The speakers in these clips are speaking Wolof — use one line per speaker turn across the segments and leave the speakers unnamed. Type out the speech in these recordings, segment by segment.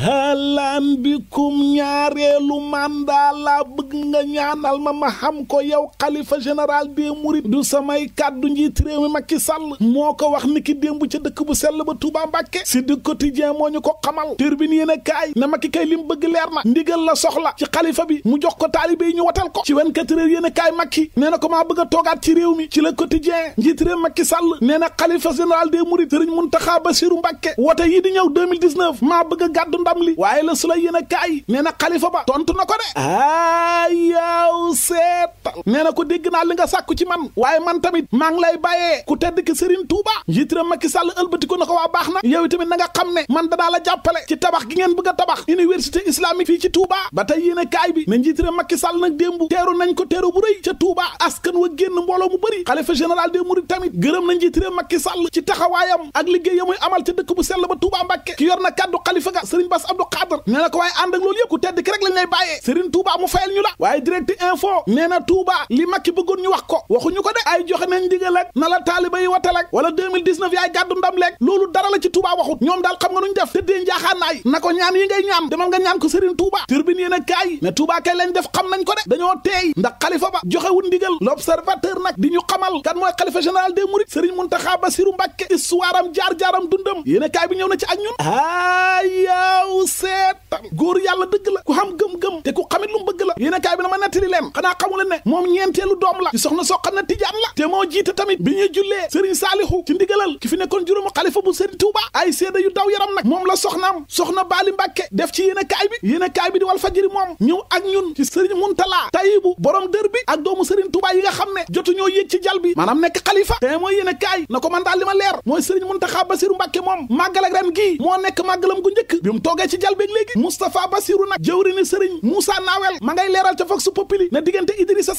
halaan bikum ñaareelu daa la bëgg nga ñaanal ma ma xam ko yow xalifa général des mourides du samay kàddu njiit réew mi Macky Sall moo ko wax ni démb ca dëkk bu sell ba Touba Mbàkke si du quotidien moo ñu ko xamal turbine yéen a kaay na Macky kay li mu bëgg leer na ndigal la soxla ci xalifa bi mu jox ko taalibe yi ñu watal ko ci 24 heures yéen a kaay Macky nee na ko maa bëgg a toogaat ci réew mi ci le quotidien njiit réew Macky Sall nee na xalifa général des mourides Serigne Mbàkke wote yi di ñëw maa bëgg a gàddu ndam li waaye a ko Royal Serra. nee na ko dégg naa li nga sàkku ci man waaye man tamit maa ngi lay bàyyee ku tedd ki Serigne Touba njiitiram Macky Sall ëlbati na ko waa baax na yow tamit na nga xam ne man danaa la jàppale ci tabax gi ngeen bëgga a tabax université islamique fii ci Touba ba tey kaay bi ne njiitiram Macky Sall nag démbu teeru nañ ko teeru bu rëy ca Touba askan wa génn mbooloo mu bëri xalifa général des Mourides tamit gërëm na njiitiram Macky Sall ci taxawaayam ak liggéey ya muy amal ca dëkk bu sell ba Touba Mbàkke Touba li Macky bëggoon ñu wax ko waxuñu ko de ay joxe nañ ndigal ak na la taaliba yi watal ak wala 2019 yaay gàddu ndam leeg loolu dara la ci Touba waxut ñoom daal xam nga nuñ def tëddee njaaxaanaay na ko ñaan yi ngay ñaam demal nga ñaan ko Serigne Touba turbine yéen a kaay kay lañ def xam nañ ko de dañoo teey ndax xalifa ba joxewul ndigal l'observateur nag di ñu xamal kan mooy xalifa général des mourides Serigne Mountakha Bassirou Mbacké histoire am jaar-jaaram dundam yéen a na ak ñun ayaw seetal góor yàlla la ku xam gëm-gëm te ku xamit lu mu bëgg la yéen a na ma moom ñeenteelu doom la ci soxna soo xam ne tijaan la te moo jiite tamit bi ñuy jullee sëriñ saalihu ci ndigalal ki fi nekkoon juróomu xalifa bu sëriñ Tuuba ay seede yu daw yaram nag moom la soxnaam soxna Baali Mbàkke def ci yéene bi yéene bi di wal fajiri moom ñëw ak ñun ci sëriñ Muntalaa Tayibu borom dër bi ak doomu sëriñ Tuuba yi nga xam ne jotu ñoo ci jal bi maanaam nekk xalifa te mooy yéene na ko man daal li ma leer mooy sëriñ Muntaxa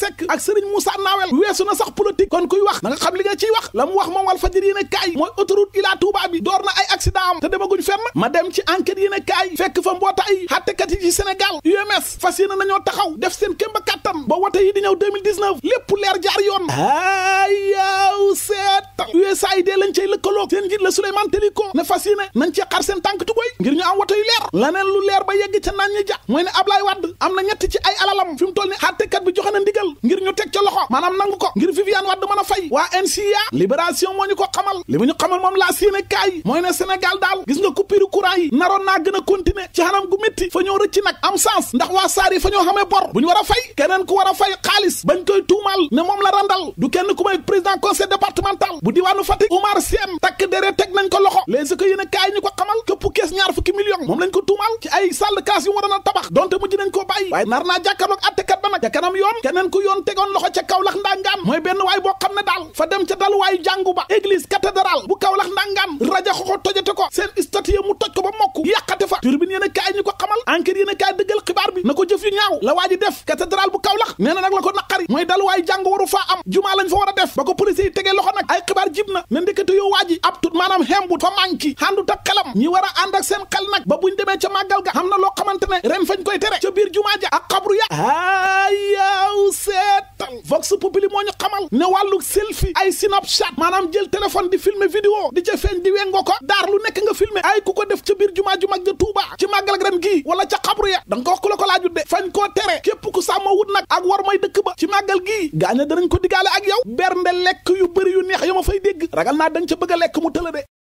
Seck ak Serigne Moussa Nawel weesu na sax politique kon kuy wax na xam li ciy wax la mu wax moom wal fajar yéen mooy autoroute Ila Touba bi door na ay accident te demaguñ fenn ma dem ci enquête yéen fekk fa mbootaay xàttekat yi ci Sénégal UMS fas yéene nañoo taxaw def seen kémb kattan ba ñëw 2019 lépp leer jaar yoon ayaw seetal USAID lañ cay lëkkaloog seen njiit la Souleymane Teliko ne fas yéene nañ ci xar seen tànk tukoy ngir ñu am woto yu leer laneen lu leer ba yegg ca naan ñi ja mooy ne Ablaye Wade am na ñett ci ay alalam fi mu toll ni àttekat bi joxe na ndigal ngir ñu teg ca loxo maanaam nangu ko ngir Viviane Wade mën a fay waa NCA libération moo ñu ko xamal li mu ñu xamal moom laa séene kaay mooy ne Sénégal daal gis nga yi naroon naa gën a continuer ci fa ñoo rëcc am sens ndax waa bu ñu war a fay keneen ku a Ciss bañ koy tuumal ne moom la randal du kenn ku may président conseil départemental bu diwaanu Fatick Oumar ko loxo les ko a kaay ñu ko xamal këpp kees ñaar fukki million yu waroon a tabax donte mujj nañ ko bàyyi waaye nar naa jàkkaarloog attekat ba nag kanam yoon keneen ku yoon tegoon loxo ca Kaolack ndangaan mooy benn waay boo xam ne daal fa dem ca dal waayu jàngu ba église cathédrale bu Kaolack ndangaan raja xoxo tojate ko seen statue mu toj ko ba mokk yàqate fa turbine yéen a kaay ñu ko xamal enquête a kaay dëggal xibaar bi ko jëf yu ñaaw na naqari mooy dal waaye jàng waru faa am jumaa lañ fa war a def ba ko police yi tegee loxo nag ay xibaar jib na ne ndekete yoo waa ji ab tut maanaam xembut fa manki xàndut ak xelam ñi war a ànd ak seen xel nag ba buñ demee ca màggal ga xam na loo xamante ren fañ koy tere ca biir jumaa ja ak xabru ya ayaw seetal vox populi moo ñu xamal ne wàllu selfie ay Snapchat maanaam jël téléphone di filmer vidéo di ca feeñ di wengo ko daarlu filmer ay ku ko def ca biir jumaa mag ja Touba ci màggal ak ren gii wala ca xabru ya da nga ko wax ku la ko laajut de fañ koo tere képp ku sàmma wut nag ak war mooy dëkk ba ci màggal gii gaaña danañ ko digaale ak yow bernde lekk yu bëri yu neex ya ma fay dégg ragal naa dañ ca bëgga lekk mu tëla de